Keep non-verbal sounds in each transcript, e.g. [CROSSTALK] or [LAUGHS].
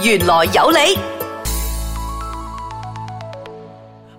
玄來有理。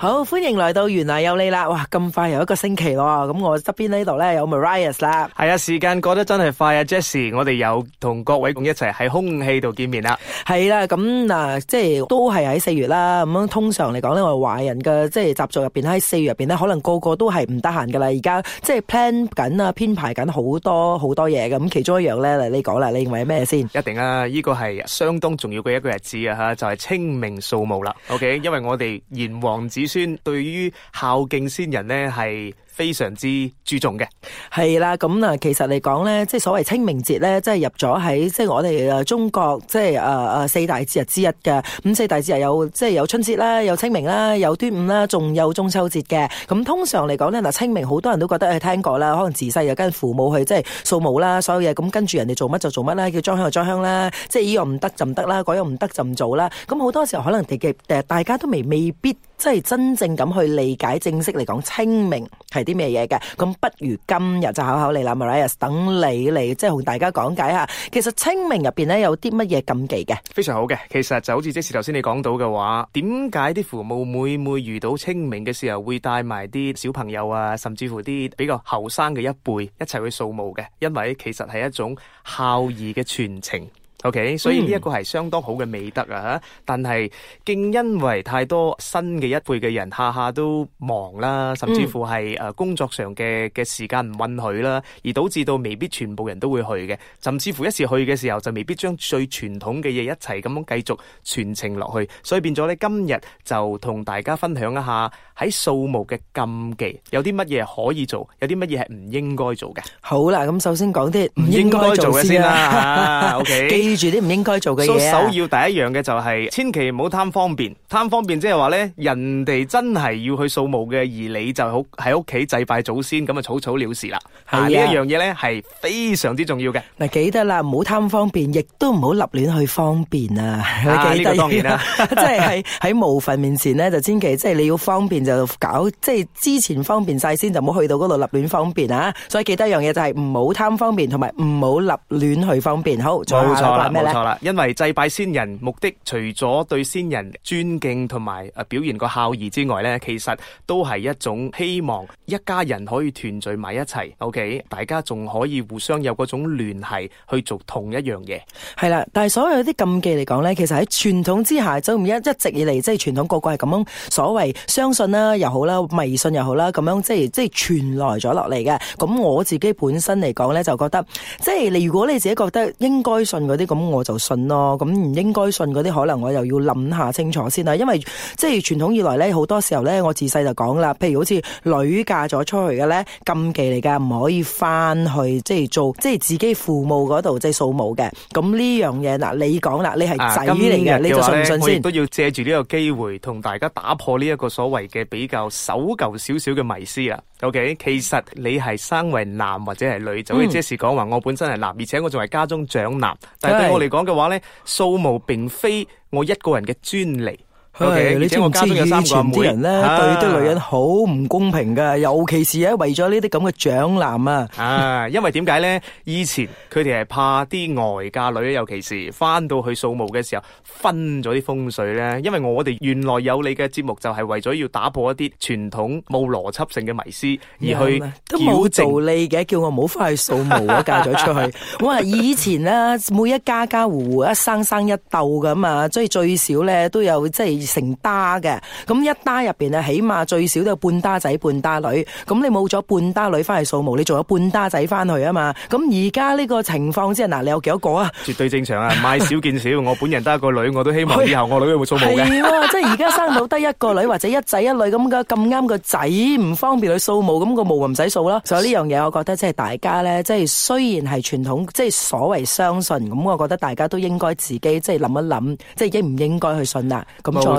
好，歡迎來到玄來有理啦！哇，咁快又一個星期咯，咁我側邊呢度咧有 Marius 啦。係啊，時間過得真係快啊，Jesse，i 我哋又同各位共一齊喺空氣度見面啦。係啦、啊，咁、啊、即係都係喺四月啦。咁、嗯、通常嚟講咧，我哋華人嘅即係習俗入邊喺四月入邊咧，可能個個都係唔得閒噶啦。而家即係 plan 緊啊，編排緊好多好多嘢噶。咁其中一樣咧，嚟你講啦，你認為係咩先？一定啊，呢、這個係相當重要嘅一個日子啊，吓就係、是、清明掃墓啦。OK，因為我哋炎黃子。對於孝敬先人呢，係，非常之注重嘅，係啦，咁嗱，其實嚟講咧，即係所謂清明節咧，即係入咗喺即係我哋誒中國，即係誒誒四大節日之一嘅。咁四大節日有即係有春節啦，有清明啦，有端午啦，仲有中秋節嘅。咁通常嚟講咧，嗱清明好多人都覺得誒聽過啦，可能自細又跟父母去即係掃墓啦，所有嘢咁跟住人哋做乜就做乜啦，叫裝香就裝香啦，即係依樣唔得就唔得啦，嗰樣唔得就唔做啦。咁好多時候可能哋嘅誒大家都未未必即係真正咁去理解正式嚟講清明係啲咩嘢嘅？咁不如今日就考考你啦 Marius，等你嚟，你即係同大家講解吓。其實清明入邊咧有啲乜嘢禁忌嘅？非常好嘅。其實就好似即使頭先你講到嘅話，點解啲父母每每遇到清明嘅時候會帶埋啲小朋友啊，甚至乎啲比較後生嘅一輩一齊去掃墓嘅？因為其實係一種孝義嘅傳承。OK，所以呢一個係相當好嘅美德啊吓，但係竟因為太多新嘅一輩嘅人下下都忙啦，甚至乎係誒工作上嘅嘅時間唔允許啦，而導致到未必全部人都會去嘅，甚至乎一次去嘅時候就未必將最傳統嘅嘢一齊咁樣繼續傳承落去，所以變咗咧，今日就同大家分享一下喺掃墓嘅禁忌，有啲乜嘢可以做，有啲乜嘢係唔應該做嘅。好啦，咁首先講啲唔應該做嘅先啦。OK。記住啲唔應該做嘅嘢。首要第一樣嘅就係，千祈唔好貪方便。貪方便即係話咧，人哋真係要去掃墓嘅，而你就好喺屋企祭拜祖先，咁啊草草了事啦。係呢一樣嘢咧，係非常之重要嘅。嗱，記得啦，唔好貪方便，亦都唔好立亂去方便啊。你記得呢樣嘢啦，即係喺喺無份面前咧，就千祈即係你要方便就搞，即係之前方便曬先，就唔好去到嗰度立亂方便啊。所以記得一樣嘢就係唔好貪方便，同埋唔好立亂去方便。好，冇錯。冇錯啦，因為祭拜先人目的，除咗對先人尊敬同埋誒表現個孝義之外咧，其實都係一種希望一家人可以團聚埋一齊，OK？大家仲可以互相有嗰種聯繫去做同一樣嘢。係啦，但係所有啲禁忌嚟講咧，其實喺傳統之下，就唔一一直以嚟即係傳統個個係咁樣所謂相信啦又好啦，迷信又好啦咁樣，即係即係傳來咗落嚟嘅。咁我自己本身嚟講咧，就覺得即係你如果你自己覺得應該信嗰啲。咁我就信咯，咁唔應該信嗰啲，可能我又要諗下清楚先啦。因為即係傳統以來咧，好多時候咧，我自細就講啦。譬如好似女嫁咗出去嘅咧，禁忌嚟噶，唔可以翻去即係做即係自己父母嗰度即係掃墓嘅。咁呢樣嘢嗱，你講啦，你係仔嚟嘅，你就信唔信先？今日嘅話咧，我亦都要借住呢個機會同大家打破呢一個所謂嘅比較守舊少少嘅迷思啊。OK，其實你係生為男或者係女，就可以即係講話我本身係男，而且我仲係家中長男，但係。對我嚟講嘅話咧，掃墓並非我一個人嘅專利。係，而且我家中有三個妹，對對女人好唔公平噶，尤其是係，為咗呢啲咁嘅長男啊。啊，因為點解咧？以前佢哋係怕啲外嫁女，尤其是翻到去掃墓嘅時候，分咗啲風水咧。因為我哋原來有你嘅節目，就係為咗要打破一啲傳統冇邏輯性嘅迷思，而去矯正冇道理嘅，叫我唔好翻去掃墓啊，嫁咗出去。我話以前咧，每一家家戶戶一生生一鬥噶嘛，即係最少咧都有即係。成打嘅，咁一打入邊啊，起碼最少都有半打仔半打女。咁你冇咗半打女翻去掃墓，你仲有半打仔翻去啊嘛。咁而家呢個情況即係嗱，你有幾多個啊？絕對正常啊，買少見少，我本人得一個女，我都希望以後我女會掃墓嘅。係喎，即係而家生到得一個女或者一仔一女咁嘅，咁啱個仔唔方便去掃墓，咁個墓就唔使掃啦。所以呢樣嘢，我覺得即係大家咧，即係雖然係傳統，即係所謂相信，咁我覺得大家都應該自己即係諗一諗，即係應唔應該去信啊？咁再。冇錯嘅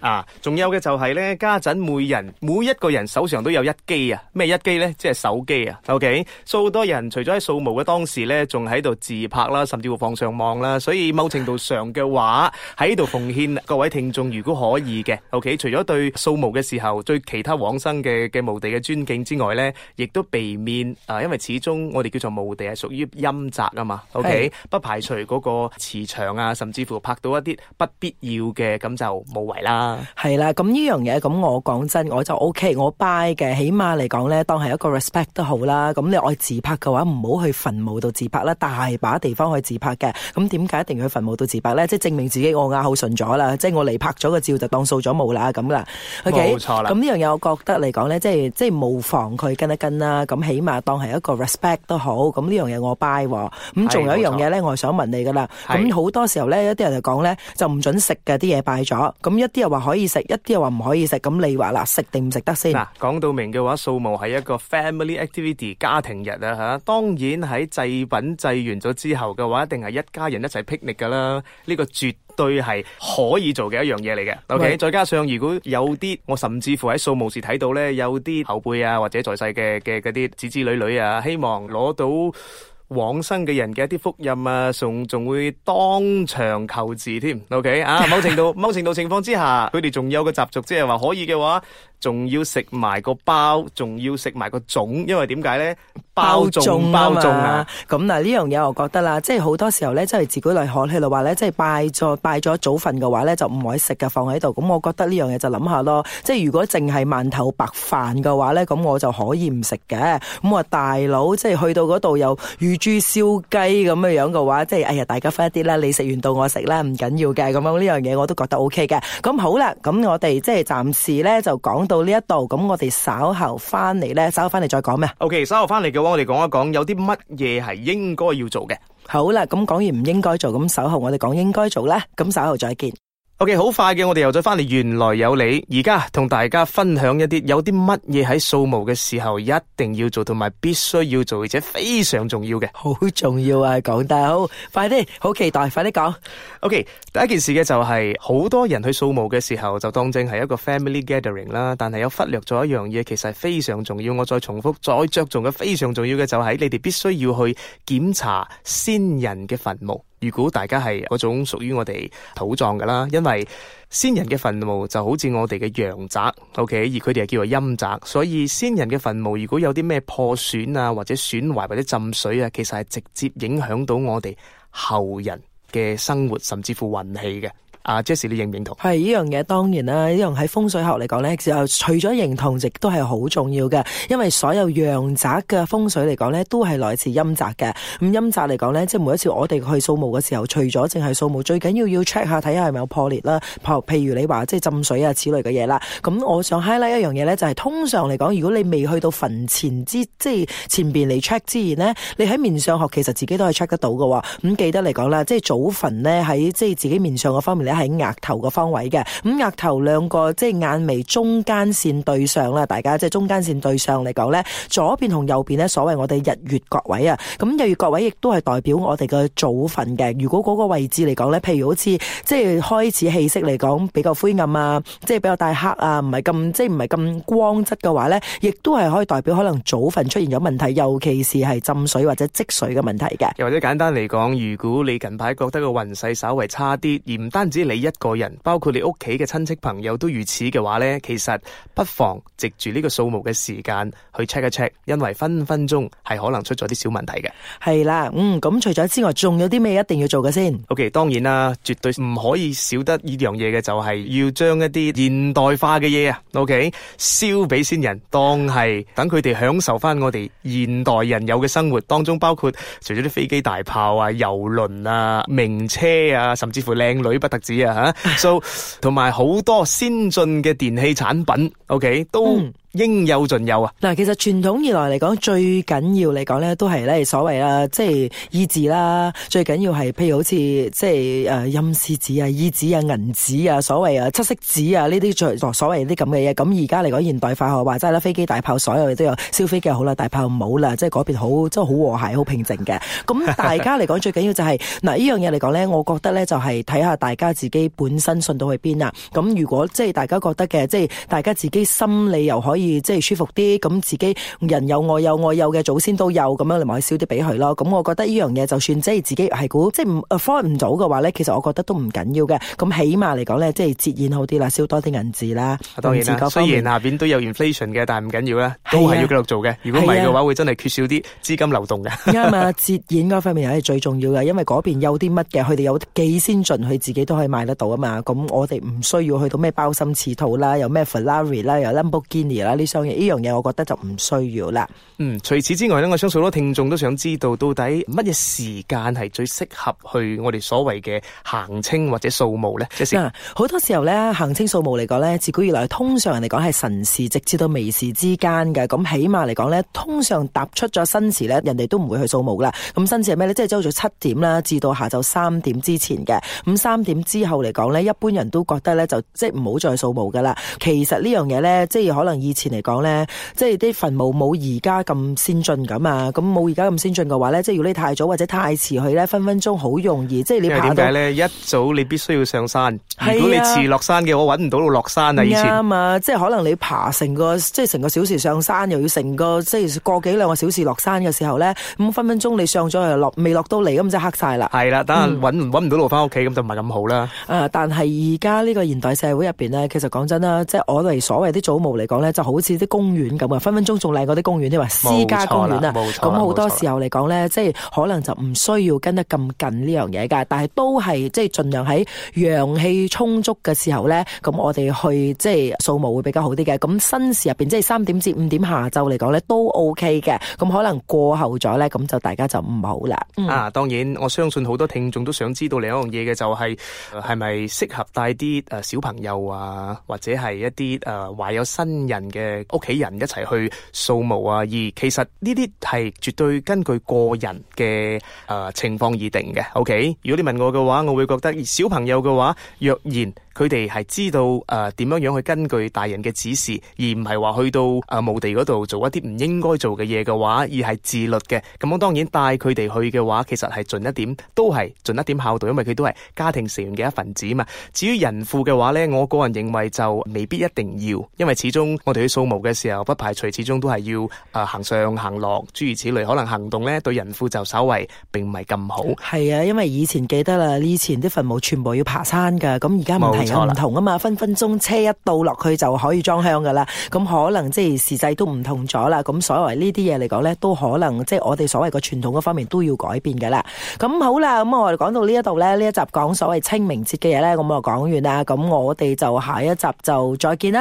啊，仲有嘅就係咧，家陣每人每一個人手上都有一機啊，咩一機咧？即係手機啊。OK，數多人除咗喺掃墓嘅當時咧，仲喺度自拍啦，甚至乎放上網啦。所以某程度上嘅話，喺度奉獻各位聽眾，如果可以嘅 OK，除咗對掃墓嘅時候對其他往生嘅嘅墓地嘅尊敬之外咧，亦都避免啊，因為始終我哋叫做墓地係屬於陰宅啊嘛。OK，< 是的 S 1> 不排除嗰個磁場啊，甚至乎拍到一啲不必要嘅。咁就無謂啦，係啦。咁呢樣嘢咁，我講真，我就 OK，我 buy 嘅。起碼嚟講呢，當係一個 respect 都好啦。咁你愛自拍嘅話，唔好去墳墓度自拍啦。大把地方可以自拍嘅。咁點解一定要去墳墓度自拍呢？即係證明自己我亞好順咗啦。即係我嚟拍咗個照就當掃咗墓啦咁噶。冇錯啦。咁呢樣嘢我覺得嚟講呢，即係即係無妨佢跟一跟啦。咁起碼當係一個 respect 都好。咁呢樣嘢我 buy。咁仲有一樣嘢呢，我係想問你噶啦。咁好多時候呢，一啲人就講呢，就唔準食嘅啲嘢吧。大咗，咁一啲又話可以食，一啲又話唔可以食，咁你話啦，食定唔食得先？嗱，講到明嘅話，掃墓係一個 family activity 家庭日啊吓，當然喺祭品祭完咗之後嘅話，一定係一家人一齊 picnic 噶啦，呢個絕對係可以做嘅一樣嘢嚟嘅。ok，再加上如果有啲，我甚至乎喺掃墓時睇到咧，有啲後輩啊或者在世嘅嘅嗰啲子子女女啊，希望攞到。往生嘅人嘅一啲福蔭啊，仲仲會當場求字添，OK 啊？某程度某程度情況之下，佢哋仲有個習俗，即係話可以嘅話，仲要食埋個包，仲要食埋個粽，因為點解咧？包粽，包粽啊！咁嗱，呢樣嘢我覺得啦，即係好多時候咧，即係自己嚟學去嘅話咧，即係拜咗拜咗祖墳嘅話咧，就唔可以食嘅，放喺度。咁我覺得呢樣嘢就諗下咯，即係如果淨係饅頭白飯嘅話咧，咁我就可以唔食嘅。咁我大佬，即係去到嗰度又遇。豬燒雞咁嘅樣嘅話，即係哎呀，大家快啲啦，你食完到我食啦，唔緊要嘅。咁樣呢樣嘢我都覺得 O K 嘅。咁好啦，咁我哋即係暫時呢，就講到呢一度。咁我哋稍後翻嚟呢，稍後翻嚟再講咩？O K，稍後翻嚟嘅話，我哋講一講有啲乜嘢係應該要做嘅。好啦，咁講完唔應該做，咁稍後我哋講應該做啦。咁稍後再見。OK，好快嘅，我哋又再翻嚟。玄來有理，而家同大家分享一啲有啲乜嘢喺掃墓嘅時候一定要做，同埋必須要做，而且非常重要嘅。好重要啊！講得好，快啲，好期待，快啲講。OK，第一件事嘅就係好多人去掃墓嘅時候，就當正係一個 family gathering 啦。但係有忽略咗一樣嘢，其實係非常重要。我再重複，再着重嘅非常重要嘅就係你哋必須要去檢查先人嘅墳墓。如果大家係嗰種屬於我哋土葬㗎啦，因為先人嘅墳墓就好似我哋嘅陽宅，OK，而佢哋係叫做陰宅，所以先人嘅墳墓如果有啲咩破損啊，或者損壞或者浸水啊，其實係直接影響到我哋後人嘅生活，甚至乎運氣嘅。啊，Jesse，你認唔認同？係呢樣嘢，當然啦。呢樣喺風水學嚟講咧，就除咗認同，亦都係好重要嘅。因為所有陽宅嘅風水嚟講咧，都係來自陰宅嘅。咁、嗯、陰宅嚟講咧，即係每一次我哋去掃墓嘅時候，除咗淨係掃墓，最緊要要 check 下睇下係咪有破裂啦。譬如你話即係浸水啊，此類嘅嘢啦。咁我想 highlight 一樣嘢咧，就係、是、通常嚟講，如果你未去到墳前之即係前邊嚟 check 之前呢，你喺面相學其實自己都係 check 得到嘅、喔。咁、嗯、記得嚟講啦，即係祖墳咧喺即係自己面相嘅方面喺額頭個方位嘅，咁額頭兩個即係眼眉中間線對上啦，大家即係中間線對上嚟講咧，左邊同右邊咧，所謂我哋日月角位啊，咁日月角位亦都係代表我哋個祖墳嘅。如果嗰個位置嚟講咧，譬如好似即係開始氣息嚟講比較灰暗啊，即係比較大黑啊，唔係咁即係唔係咁光質嘅話咧，亦都係可以代表可能祖墳出現咗問題，尤其是係浸水或者積水嘅問題嘅。又或者簡單嚟講，如果你近排覺得個運勢稍微差啲，而唔單止。你一個人，包括你屋企嘅親戚朋友都如此嘅話咧，其實不妨藉住呢個掃墓嘅時間去 check 一 check，因為分分鐘係可能出咗啲小問題嘅。係啦，嗯，咁除咗之外，仲有啲咩一定要做嘅先？O K，當然啦，絕對唔可以少得呢樣嘢嘅，就係要將一啲現代化嘅嘢啊，O K，燒俾先人，當係等佢哋享受翻我哋現代人有嘅生活當中，包括除咗啲飛機、大炮啊、郵輪啊、名車啊，甚至乎靚女不特止。啊吓 [LAUGHS] ，so 同埋好多先進嘅電器產品，OK 都。嗯應有盡有啊！嗱，其實傳統以來嚟講，最緊要嚟講咧，都係咧所謂啦，即係衣紙啦，最緊要係，譬如好似即係誒陰司紙啊、衣紙啊、銀紙啊，所謂啊七色紙啊呢啲，所謂啲咁嘅嘢。咁而家嚟講，現代化學話齋啦，飛機大炮所有嘢都有，燒飛機好啦，大炮冇啦，即係改變好，即係好和諧、好平靜嘅。咁大家嚟講 [LAUGHS] 最緊要就係、是、嗱，呢樣嘢嚟講咧，我覺得咧就係睇下大家自己本身信到去邊啦。咁如果即係大家覺得嘅，即係大家自己心理又可以。即係舒服啲，咁自己人有我有我有嘅祖先都有咁樣，你咪可以燒啲俾佢咯。咁我覺得呢樣嘢就算即係自己係估即係 afford 唔到嘅話咧，其實我覺得都唔緊要嘅。咁起碼嚟講咧，即係節儉好啲啦，燒多啲銀紙啦。當然啦，面雖然下邊都有 inflation 嘅，但係唔緊要啦，都係要繼續做嘅。是啊、如果唔係嘅話，啊、會真係缺少啲資金流動嘅。啱啊嘛，節儉嗰方面係最重要嘅，因為嗰邊有啲乜嘅，佢哋有幾先進，佢自己都可以買得到啊嘛。咁我哋唔需要去到咩包心刺肚啦，有咩 Ferrari 啦，有 Lamborghini 啦。呢樣嘢呢樣嘢，我覺得就唔需要啦。嗯，除此之外咧，我相信好多聽眾都想知道，到底乜嘢時間係最適合去我哋所謂嘅行清或者掃墓咧？即係好多時候咧，行清掃墓嚟講咧，自古以來通常人嚟講係辰時直至到未時之間嘅。咁起碼嚟講咧，通常踏出咗申時咧，人哋都唔會去掃墓啦。咁申時係咩咧？即係朝早七點啦，至到下晝三點之前嘅。咁三點之後嚟講咧，一般人都覺得咧，就即係唔好再掃墓噶啦。其實呢樣嘢咧，即係可能以前。前嚟講咧，即係啲墳墓冇而家咁先進咁啊！咁冇而家咁先進嘅話咧，即係如果你太早或者太遲去咧，分分鐘好容易，即係你。因為點解咧？一早你必須要上山，如果你遲落山嘅，我搵唔到路落山啊！以前啊即係可能你爬成個即係成個小時上山，又要成個即係過幾兩個小時落山嘅時候咧，咁分分鐘你上咗又落，未落到嚟咁，即黑晒啦。係啦、啊，等下搵唔、嗯、到路翻屋企咁就唔係咁好啦、啊。但係而家呢個現代社會入面咧，其實講真啦，即係我哋所謂啲祖墓嚟講咧，就。好似啲公園咁啊，分分鐘仲靚過啲公園，你話私家公園啊，冇錯。咁好多時候嚟講咧，即係可能就唔需要跟得咁近呢樣嘢噶，但係都係即係儘量喺陽氣充足嘅時候咧，咁我哋去即係掃墓會比較好啲嘅。咁申時入面即係三點至五點下晝嚟講咧，都 OK 嘅。咁可能過後咗咧，咁就大家就唔好啦。啊，當然我相信好多聽眾都想知道另一樣嘢嘅，就係係咪適合帶啲誒小朋友啊，或者係一啲誒懷有新人嘅？嘅屋企人一齊去掃墓啊，而其實呢啲係絕對根據個人嘅、呃、情況而定嘅。OK，如果你問我嘅話，我會覺得小朋友嘅話，若然佢哋係知道啊點樣樣去根據大人嘅指示，而唔係話去到啊、呃、墓地嗰度做一啲唔應該做嘅嘢嘅話，而係自律嘅，咁我當然帶佢哋去嘅話，其實係盡一點，都係盡一點孝道，因為佢都係家庭成員嘅一份子嘛。至於人父嘅話呢，我個人認為就未必一定要，因為始終我哋。去掃墓嘅時候，不排除始終都係要誒行上行落，諸如此類。可能行動咧對人父就稍為並唔係咁好。係啊，因為以前記得啦，以前啲墳墓全部要爬山噶，咁而家問題又唔同啊嘛，分分鐘車一到落去就可以裝香噶啦。咁可能即係時勢都唔同咗啦。咁所謂呢啲嘢嚟講咧，都可能即係我哋所謂嘅傳統嗰方面都要改變噶啦。咁好啦，咁我哋講到呢一度咧，呢一集講所謂清明節嘅嘢咧，咁我講完啦。咁我哋就下一集就再見啦。